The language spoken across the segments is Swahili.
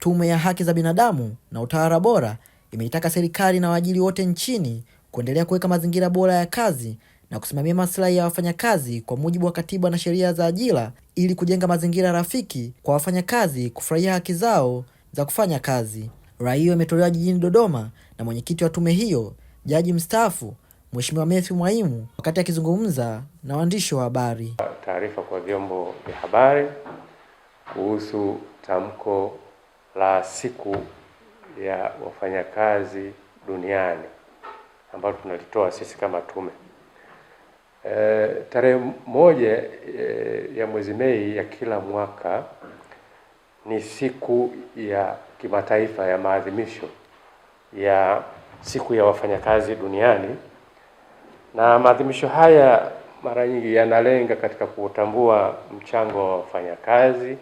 Tume ya Haki za Binadamu na Utawala Bora imeitaka serikali na waajiri wote nchini kuendelea kuweka mazingira bora ya kazi na kusimamia maslahi ya wafanyakazi kwa mujibu wa katiba na sheria za ajira ili kujenga mazingira rafiki kwa wafanyakazi kufurahia haki zao za kufanya kazi. Rai hiyo imetolewa jijini Dodoma na mwenyekiti wa tume hiyo, Jaji mstaafu Mheshimiwa Mathew Mwaimu wakati akizungumza na waandishi wa habari. Taarifa kwa vyombo vya habari kuhusu tamko la siku ya wafanyakazi duniani ambalo tunalitoa sisi kama tume e, tarehe moja e, ya mwezi Mei ya kila mwaka ni siku ya kimataifa ya maadhimisho ya siku ya wafanyakazi duniani, na maadhimisho haya mara nyingi yanalenga katika kutambua mchango wa wafanyakazi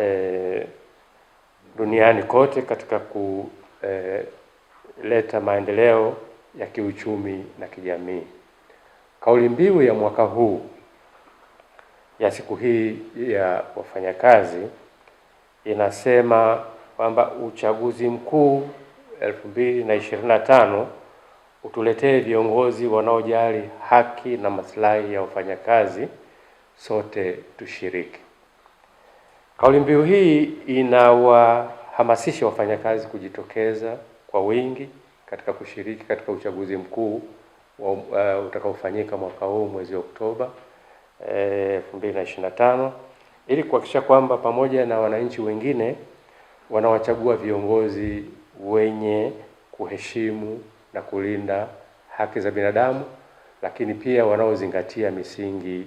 e, duniani kote katika kuleta eh, maendeleo ya kiuchumi na kijamii. Kauli mbiu ya mwaka huu ya siku hii ya wafanyakazi inasema kwamba uchaguzi mkuu elfu mbili na ishirini na tano utuletee viongozi wanaojali haki na maslahi ya wafanyakazi, sote tushiriki. Kauli mbiu hii inawahamasisha wafanyakazi kujitokeza kwa wingi katika kushiriki katika uchaguzi mkuu uh, utakaofanyika mwaka huu mwezi Oktoba eh, elfu mbili na ishirini na tano ili kuhakikisha kwamba pamoja na wananchi wengine wanawachagua viongozi wenye kuheshimu na kulinda haki za binadamu, lakini pia wanaozingatia misingi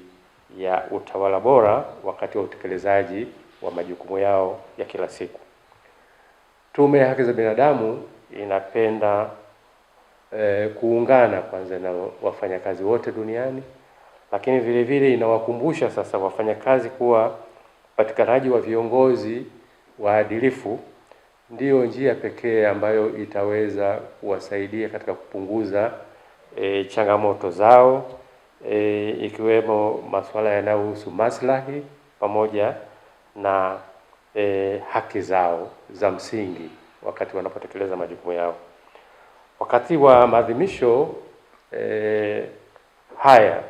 ya utawala bora wakati wa utekelezaji wa majukumu yao ya kila siku. Tume ya Haki za Binadamu inapenda eh, kuungana kwanza na wafanyakazi wote duniani, lakini vile vile inawakumbusha sasa wafanyakazi kuwa upatikanaji wa viongozi waadilifu ndiyo njia pekee ambayo itaweza kuwasaidia katika kupunguza e, changamoto zao e, ikiwemo masuala yanayohusu maslahi pamoja na e, haki zao za msingi wakati wanapotekeleza majukumu yao. Wakati wa maadhimisho e, haya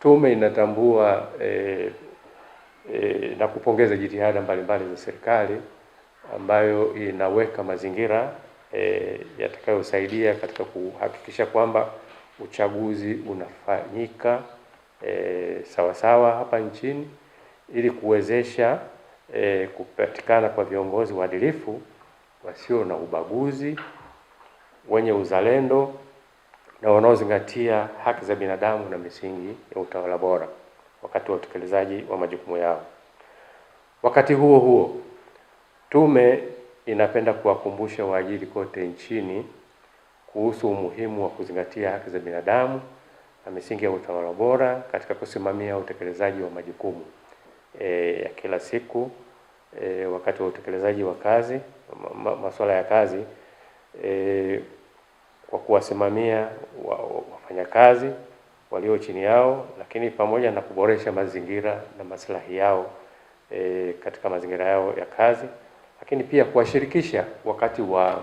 tume inatambua e, e, na kupongeza jitihada mbalimbali za serikali ambayo inaweka mazingira e, yatakayosaidia katika kuhakikisha kwamba uchaguzi unafanyika e, sawasawa hapa nchini ili kuwezesha e, kupatikana kwa viongozi waadilifu wasio na ubaguzi, wenye uzalendo na wanaozingatia haki za binadamu na misingi ya utawala bora wakati wa utekelezaji wa majukumu yao. Wakati huo huo, tume inapenda kuwakumbusha waajiri kote nchini kuhusu umuhimu wa kuzingatia haki za binadamu na misingi ya utawala bora katika kusimamia utekelezaji wa majukumu e, ya kila siku e, wakati wa utekelezaji wa kazi ma, masuala ya kazi e, kwa kuwasimamia wafanyakazi walio chini yao, lakini pamoja na kuboresha mazingira na maslahi yao e, katika mazingira yao ya kazi, lakini pia kuwashirikisha wakati wa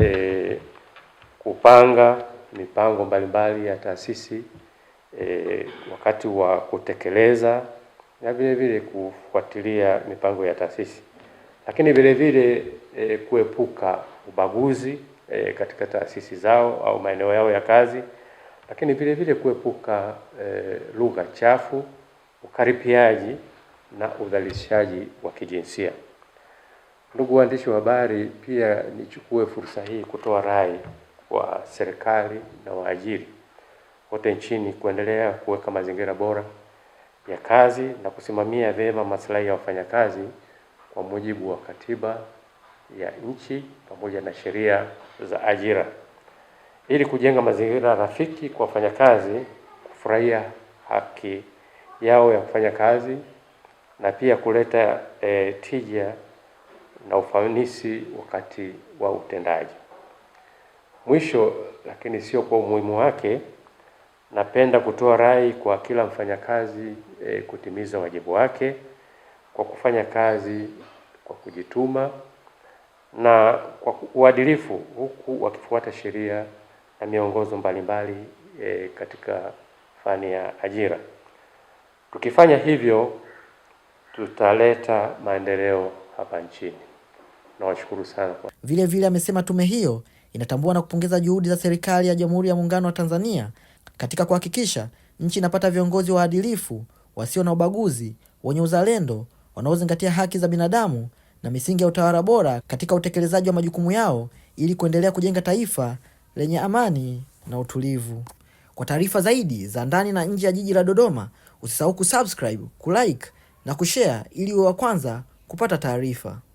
e, kupanga mipango mbalimbali ya taasisi e, wakati wa kutekeleza na vile vile kufuatilia mipango ya taasisi, lakini vile vile e, kuepuka ubaguzi e, katika taasisi zao au maeneo yao ya kazi, lakini vile vile kuepuka e, lugha chafu, ukaripiaji na udhalilishaji wa kijinsia. Ndugu waandishi wa habari, pia nichukue fursa hii kutoa rai kwa serikali na waajiri wote nchini kuendelea kuweka mazingira bora ya kazi na kusimamia vyema maslahi ya wafanyakazi kwa mujibu wa katiba ya nchi pamoja na sheria za ajira ili kujenga mazingira rafiki kwa wafanyakazi kufurahia haki yao ya kufanya kazi na pia kuleta e, tija na ufanisi wakati wa utendaji. Mwisho lakini sio kwa umuhimu wake Napenda kutoa rai kwa kila mfanyakazi e, kutimiza wajibu wake kwa kufanya kazi kwa kujituma na kwa uadilifu huku wakifuata sheria na miongozo mbalimbali e, katika fani ya ajira. Tukifanya hivyo tutaleta maendeleo hapa nchini. Nawashukuru sana kwa. Vile vile amesema tume hiyo inatambua na kupongeza juhudi za serikali ya Jamhuri ya Muungano wa Tanzania katika kuhakikisha nchi inapata viongozi waadilifu, wasio na ubaguzi, wenye uzalendo, wanaozingatia haki za binadamu na misingi ya utawala bora katika utekelezaji wa majukumu yao ili kuendelea kujenga taifa lenye amani na utulivu. Kwa taarifa zaidi za ndani na nje ya jiji la Dodoma, usisahau kusubscribe, kulike na kushare ili uwe wa kwanza kupata taarifa.